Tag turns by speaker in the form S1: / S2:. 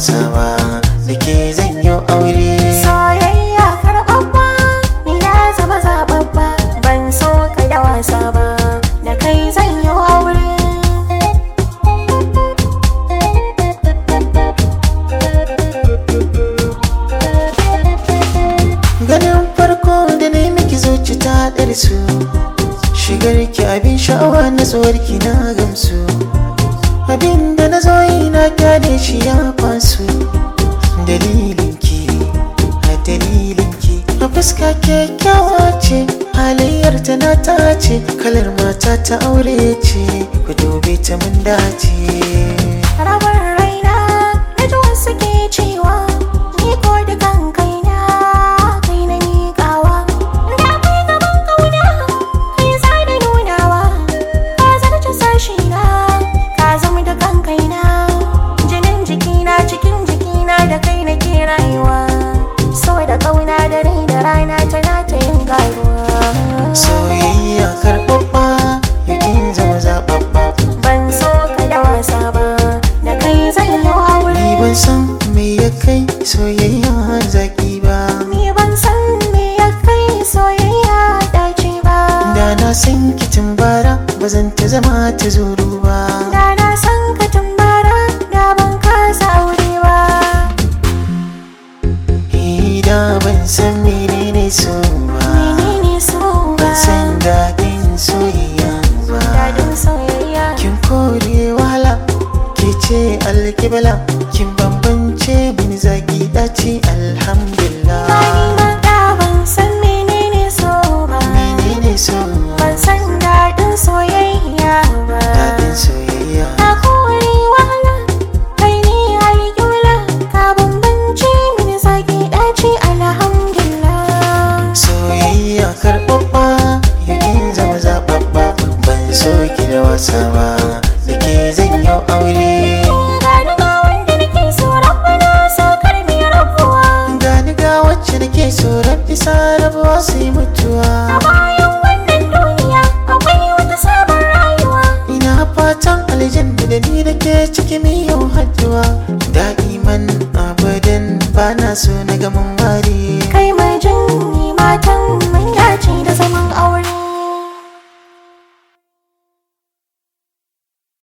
S1: sama ba da ke zan yi aure soyayya karɓaɓɓa ni na zama zaɓaɓɓa ban so ka da wasa ba da kai zan yi aure ganin farko da na yi miki zuci ta ɗarsu shigarki abin sha'awa na tsuwarki na gamsu abin da na zo yi na gane shi ta kyakkyawa ce halayyar ta na ta kalar mata ta aure ce ku dube ta mun dace soyayya zaki ba ni ban san me ya kai soyayya dace ba da na san ki tumbara ba zan ta zama ta zuru ba da na san ka tumbara da ban kasa aure ba da ban san menene so ba menene so ba ban san daɗin soyayya ba soyayya kin kore wahala ke ce alkibla kin ba so ki da wasa ba da ke zan yi aure gani ga wanda nake so rabbana sakar rabuwa gani wacce nake so rabbi sai mutuwa a bayan wannan duniya akwai wata sabon rayuwa ina fatan aljanna da ni nake ciki mi yau hajjuwa da'iman abadan bana so na gaman ware kai mai jan matan